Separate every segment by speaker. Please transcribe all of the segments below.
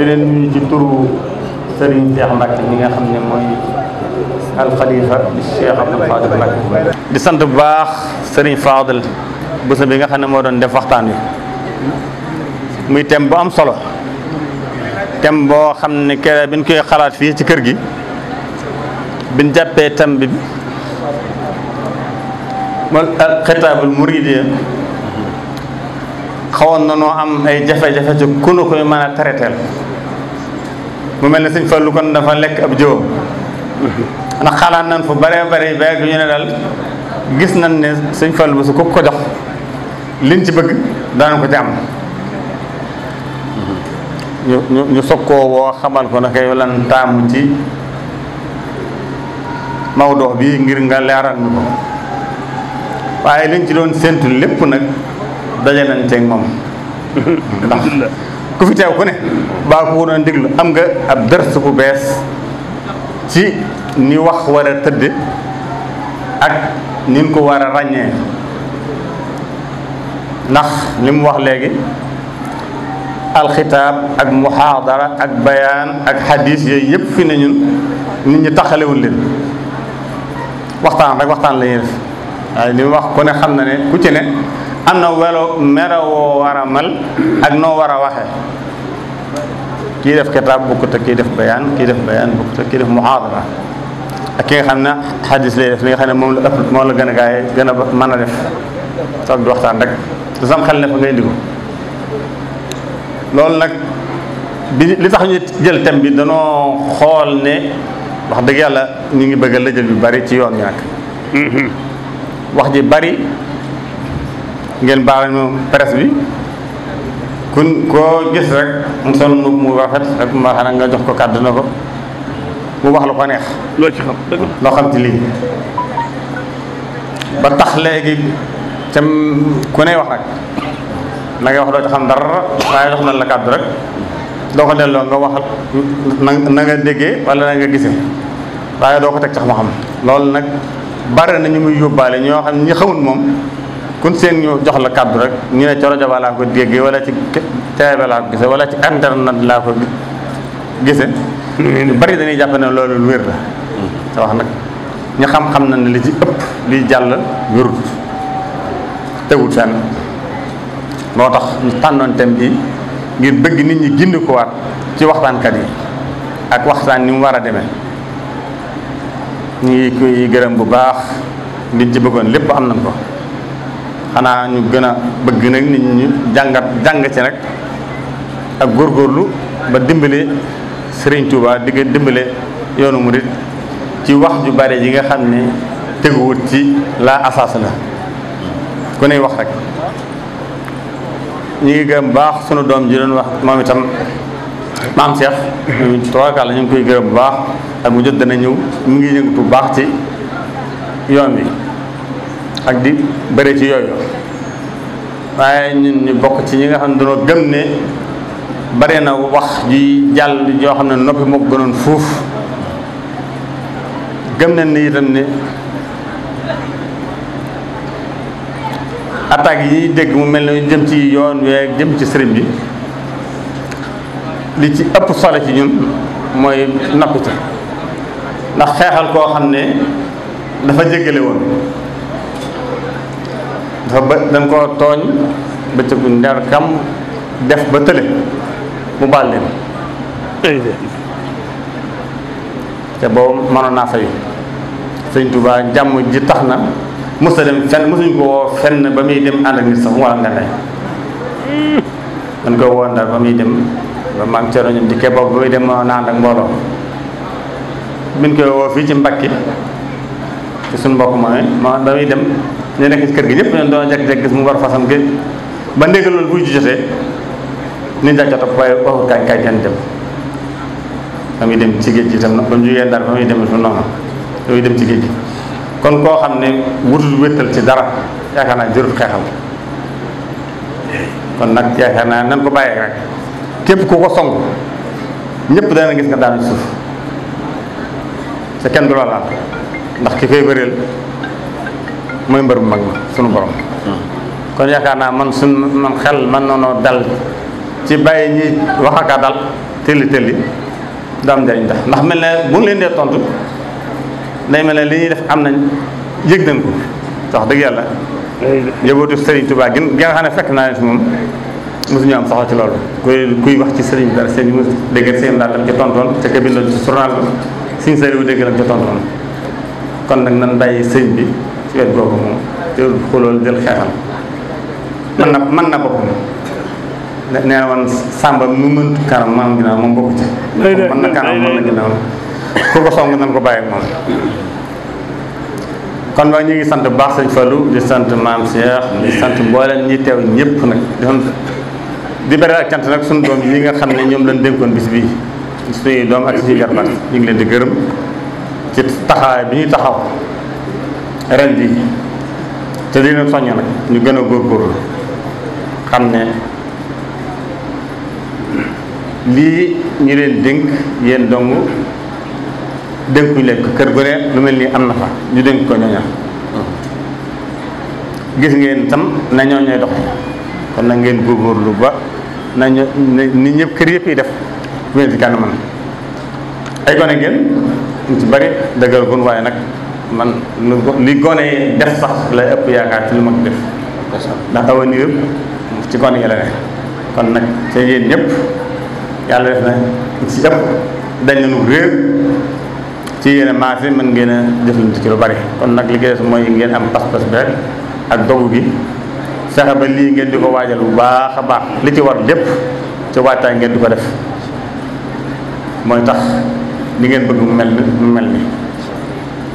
Speaker 1: di leen nuyu ci turu Serigne Cheikh Mbacke mi nga xam ne mooy alxalifa di Cheikh Abdoul Fadil Mbacke. di sant bu baax Serigne Fadil bés bi nga xam ne moo doon def waxtaan wi muy thème bu am solo thème boo xam ne kere bi ñu koy xalaat fii ci kër gi bi ñu jàppee thème bi mooy xitaabul muridiya xawoon na noo am ay jafe-jafe ci ku koy mën a traiteel mu mel ne sëñ Fallou kon dafa lekk ab jiwam ndax xalaat nañ fu bare bare ba ñu ne daal gis nañ ne sëñ Fallou ba su ko ko jox liñ ci bëgg daan ko ci am ñu ñu ñu koo woo xamal ko naka yow lan taamu ci mawdoox bi ngir nga leeral ñu ko waaye liñ ci doon séntu lépp nag daje nañ ceeg moom ndax ku fi teew ku ne baa ko wonoon déglu am nga ab dërs bu bees ci ni wax war a tëdd ak nin ko war a ràññee ndax li mu wax léegi alxitaab ak muhaadara ak bayaan ak xadiis yooyu yépp fi ne ñun nit ñu taxalewul leen waxtaan rek waxtaan la ñuy def waaye li wax ku ne xam na ne ku ci ne am na welo mero woo war a mel ak noo war a waxe kii def kitaab bokkut ak kii def bayaan kii def bayaan bokkut ak kii def muhaadara ak ki nga xam ne xadis lay def li nga xam ne moom la ëpp moom la gën a gaaye gën a mën a def toog di waxtaan ne fa ngay nag bi li tax jël thème bi danoo xool ne wax dëgg yàlla ñu ngi bëgg la jël bi bari ci yoon wi nag mm-hmm. wax ji bari ngeen baal ma peres bi kun koo gis rek mu sol mu mu rafet ak mbaxana nga jox ko kàddu na ko mu wax lu ko neex. loo ci xam loo xam ci lii tax léegi ca ku ne wax nag na ngay doo ci dara waaye jox nañ la kàddu rek doo ko delloo nga wax na nga déggee wala na nga gisee waaye doo ko teg sax ma xam loolu nag bare na ñu muy yóbbaale ñoo xam ñi xamul moom. kun seen ñu jox la kàddu rek ñu ne ca rajo ba laa ko déggee wala ci teebe laa ko gise wala ci internet laa ko gise mm-hmm. bari dañuy jàpp ne loolu wér la mm-hmm. te wax nag ñu xam-xam na ne li ci ëpp liy jàll wérut tegul fenn moo tax ñu tànnoon thème ngir bëgg nit ñi gindi ko waat ci waxtaankat yi ak waxtaan ni mu war a deme ñu ngi koy gërëm bu baax liñ ci bëggoon lépp am nañ ko xanaa ñu gën a bëgg nag ni ñi jàngat jàng ci nag ak góorgóorlu ba dimbale sëriñ Touba di nga dimbale yoonu murit ci wax ju bare yi nga xam ni teguwut ci laa asaas la ku ne wax rek. ñu ngi gërëm bu baax sunu doom ji doon wax moom itam maam Cheikh toogaal la ñu ngi koy gërëm bu baax ak mu jot dana ñëw mu ngi yëngatu bu baax ci yoon bi. ak di bëre ci yooyu waaye ñun ñu bokk ci ñi nga xam ne dañoo gëm ne bare na wax ji jàll joo xam ne noppi moo ko gënoon fuuf gëm nañ ni itam ne attaques yi dégg mu mel ne jëm ci yoon weeg jëm ci sëriñ bi li ci ëpp solo ci ñun mooy noppi ci ndax xeexal koo xam ne dafa jéggale dafa ba dañ koo tooñ bëccëgu ndar kam def ba tële mu baal leen te boobu mënoon naa fay sëñ Tuubaa jàmm ji tax na mës a dem fenn mësuñ ko woo fenn ba muy dem ànd ak nit mu wala ko woo muy dem ba maam boobu ba muy dem mënoon naa mbooloo biñ koy woo fii ci Mbàkke ci suñ mbokk moomee ma ba muy dem ñu nekk ci kër gi ñëpp ñoom doon jekk-jekk gis mu war fasam géej ba ndégal loolu buy ji jotee nit daa ca topp waaye waxul kañ kañ kenn dem dem ci géej gi tam ba mu jugee ndar fa muy dem fa noonu yooyu dem ci géej gi kon koo xam ne wutul wéttal ci dara yaakaar naa jërut xeexal kon nag yaakaar naa nan ko bàyyee rek képp ku ko song ñëpp dana gis nga daanu ci suuf te kenn du la ndax ki koy bëreel mooy mbër bu mag ma sunu borom hmm. kon yaakaar naa man sun man xel man noonu dal ci bàyyi ñi wax aka dal tëlli tëlli daam njariñ tax ndax mel ne bu ñu leen dee tontu day mel ne li def am nañ yëg nañ dëgg yàlla njabootu Sëriñ Tuubaa gi nga fekk naa leen fi moom mosuñu am soxla ci loolu kuy kuy wax ci sëriñ bi dara seen mos dégg seen daal dam ca tontoon ca kabin la journal ba suñu sëriñ bu dégg lam ca tontoon kon nag nan bàyyi sëriñ bi ci wet googu moom jël xulool jël xeexal mën na mën na boppam nee woon sàmba mu mënut kanam maanaam ginnaaw moom bokku ci mën na kanam mën na ginnaaw ko bàyyi moom kon waa ñu ngi sant bu baax sañ Fallou di sant maam Cheikh di sant mbooleen ñi teew ñëpp nag di beral ak cant nag suñu doom yi nga xam ne ñoom lañ dénkoon bis bii suñuy doom ak suñuy garbat ñu ngi leen di gërëm ci taxawaay bi ñuy taxaw ren ji te di leen soññ nag ñu gën a góorgóorlu xam ne lii ñu leen dénk yéen dong dénkuñu leen ko kër gu lu mel nii am na fa ñu dénk ko ñooña gis ngeen tam na ñooñooy dox kon na ngeen góorgóorlu ba nañu ni ñépp kër yëpp yi def bu ngeen si gànn mën ay gone ngeen ñu ci bari dëggal gun waaye nag man lu li gone yi def sax la ëpp yaakaar ci lu mag def ndax avenir ci gone yi la ne kon nag te yéen ñëpp yàlla def na ci ëpp dañ leen réer ci yéen a maase mën ngeen a jëflante ci lu bari kon nag li koy des mooy ngeen am pas-pas bi rek ak dogu gi fexe ba lii ngeen di ko waajal bu baax a baax li ci war lépp ci waajtaay ngeen di ko def mooy tax li ngeen bëgg mu mel mu mel ni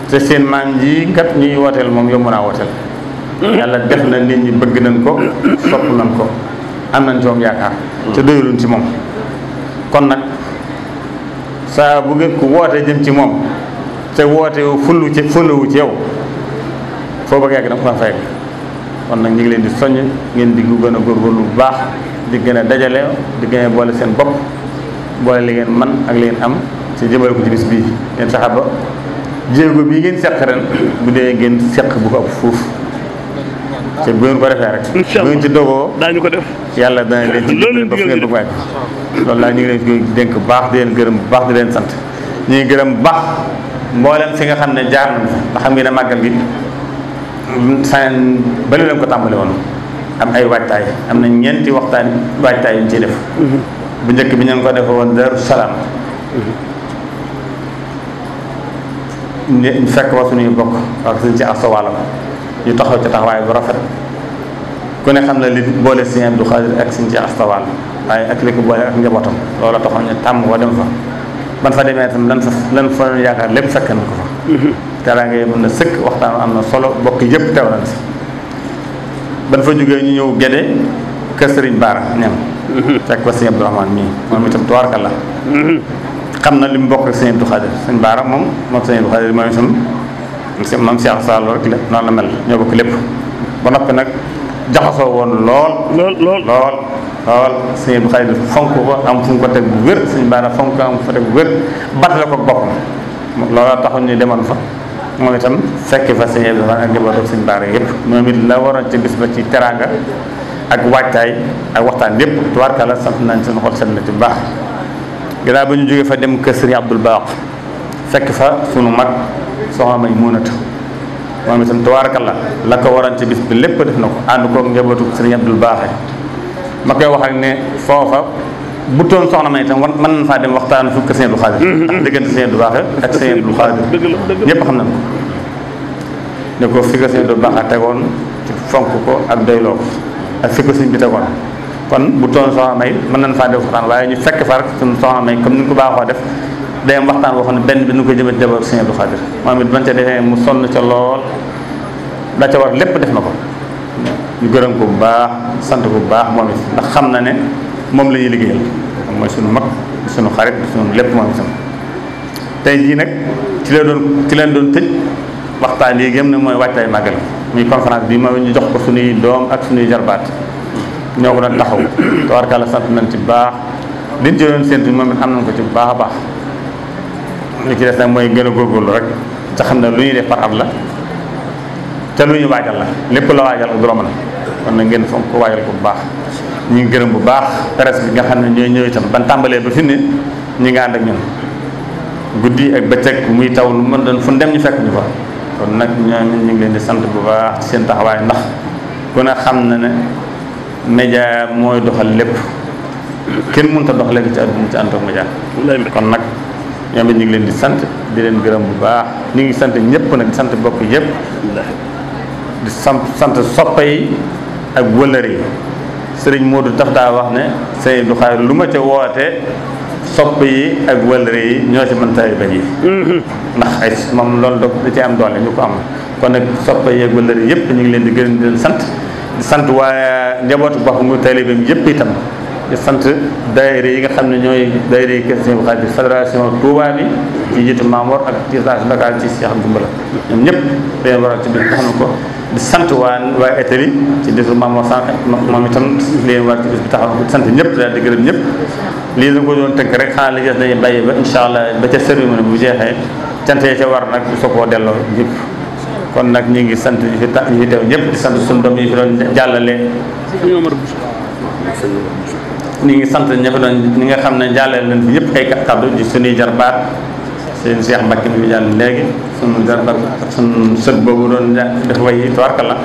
Speaker 1: te seen maam ji kat ñuy wooteel moom yomb a wooteel yàlla def na nit ñi bëgg nañ ko sopp nañ ko am nañ ci moom yaakaar te doyuluñ ci moom kon nag sa bu ngeen ko wootee jëm ci moom te woote fullu ci fulluwu ci yow foo bëgg yàgg da nga ko kon nag ñu ngi leen di soññ ngeen di gën a góor góorgóorlu lu baax di gën a dajale di gën a boole seen bopp boole li ngeen man ak li ngeen am ci jëmale ko ci bii ngeen saxaaba jéego bii ngeen seq ren bu dee ngeen seq bu ko ab fuuf te bu ngeen ko defee rek. incha allah bu ngeen ko def yàlla dana leen ci. loolu la ngeen loolu laa ñu leen di dénk baax di leen gërëm baax di leen sant ñuy ngi gërëm baax mboolem fi nga xam ne jaar nañu ndax xam ngeen ne màggal gi sànni bële lañ ko tàmbali woon am ay waajtaay am na ñeenti waxtaan waajtaay yu ñu ciy def. Mhm. bu njëkk bi ñu ko defee woon Daaru Salaam. Mhm. ñu fekk wa suñuy bokk ak suñ ci asawaala ñu taxaw ci taxawaay bu rafet ku ne xam na li boole Sëriñ du Khadir ak siñ ci asawaal waaye ak li ko boole ak njabootam loolu taxaw ñu tàmm ko dem fa ban fa demee tam lan fa lan fa yaakaar lépp fekk na ko fa mhm. teraa ngay mën na sëkk waxtaan am na solo bokk yëpp teew na si ban fa jógee ñu ñëw Gédé kër Sëriñ Baara ñam mhm. fekk wa Sëriñ Abdou Rahmane mii moom itam tubaarkalla mhm. xam na li mu bokk ak sëñ Abdou Khadir Baara moom moom sëñ Abdou Khadir mooy sunu moom Cheikh la mel ñoo ba noppi nag jaxasoo woon lool. lool lool lool. lool am fu ko teg bu wér sëñ Baara fonk ko am bu wér batale ko boppam loolaa taxul ñuy demoon fa. moom itam fekk fa sëñ Abdou Khadir ak njaboot ak sëñ Baara yëpp moom it la waroon ci bis ba ci teraanga ak waajtaay ak waxtaan yëpp tubaarkalla sant nañ seen xol seen na ci bu baax. gannaaw ba ñu jógee fa dem kër Serigne Abdoul Baax fekk fa sunu mag soxna may muunat moom itam tabaarakalla la ko waroon ci bis bi lépp def na ko ànd koog njabootu Serigne Abdoul Baaxe ma koy wax ak ne foofa bu toon soxna may itam war mën nañ faa dem waxtaan fu kër Serigne Abdoul Xaadir mm-hmm. ndax diggante Serigne Abdoul Baaxe ak Serigne Abdoul Xaadir ñëpp xam nañ ko ne ko fi ko Serigne Abdoul Baaxe tegoon fonk ko ak doyloo ko ak fi ko sëñ bi tegoon kon bu doon soxna may mën nañ faa def waxtaan waaye ñu fekk far suñu soo may comme ni ñu ko baaxoo def day am waxtaan boo xam ne benn bi nu ko jëmee jabar Sëñ Abdou Khadir moom it bañ ca defee mu sonn ca lool da ca war lépp def na ko ñu gërëm ko bu baax sant ko bu baax moom it ndax xam na ne moom la ñuy mooy suñu mag suñu xarit suñu lépp moom itam tey jii nag ci leen doon ci leen doon tëj waxtaan yi gëm ne mooy waajtaay màggal muy conférence bi ma ñu jox ko suñuy doom ak suñuy jarbaat ñoo ko doon taxaw tabarkàlla sant nañ ci baax liñ jëloon séntu moom it am nañ ko ci bu baax a baax li ci des nag mooy gën a góorgóorlu rek ca xam ne lu ñuy def par at la te lu ñu waajal la lépp la waajal ak du la mën kon nag ngeen fonk ko waajal ko bu baax ñu gërëm bu baax presse bi nga xam ne ñooy ñëw itam ban tàmbalee ba fi ne ñi nga ànd ak ñun guddi ak bëccëg muy taw lu mën doon fu dem ñu fekk ñu fa kon nag ñooñu ñu ngi leen di sant bu baax seen taxawaay ndax média mooy doxal lépp kenn mënut a dox léegi ci àdduna ci ànd ak média kon nag ñoom ñu ngi leen di sant di leen gërëm bu baax ñu ngi sant ñëpp nag di sant bokk yëpp di sant sant soppe yi ak wëllëre yi sëriñ Modou tax daa wax ne sëriñ Abdou lu ma ci woote sopp yi ak wëllëre yi ñoo ci mën taalibe yi mhm. ndax ay moom loolu da ci am doole ñu ko am kon nag soppe yi ak wëllëre yëpp ñu ngi leen di gërëm di leen sant di sant waa njabootu bopp mu taalibeem yëpp itam di sant daayira yi nga xam ne ñooy daayira yi kër Sëñ Xaadim fédération Touba bi ci njiitu Maamoor ak ci station Dakar ci Cheikh Gumbala ñoom ñëpp dañoo waral ci bis tax na ko di sant waa waa Itali ci desu Maamoor sànq moom itam leen war di sant ñëpp daal di ñëpp lii la ko doon tënk rek xanaa li des nañu bàyyi ba incha allah ba ca sëriñ mu ne bu jeexee cante ca war nag bu soo koo delloo ñëpp kon nag ñi ngi sant ñi fi ta ñi fi teew ñëpp di sant suñu doom yi fi doon jàllale ñu ngi sant ñi fi doon ñi nga xam ne jàllale leen fi yëpp ay kaddu ci suñuy jarbaat seen Cheikh Mbacke mi fi jàll léegi suñu jarbaat suñu sët boobu doon def way yi tuwarka la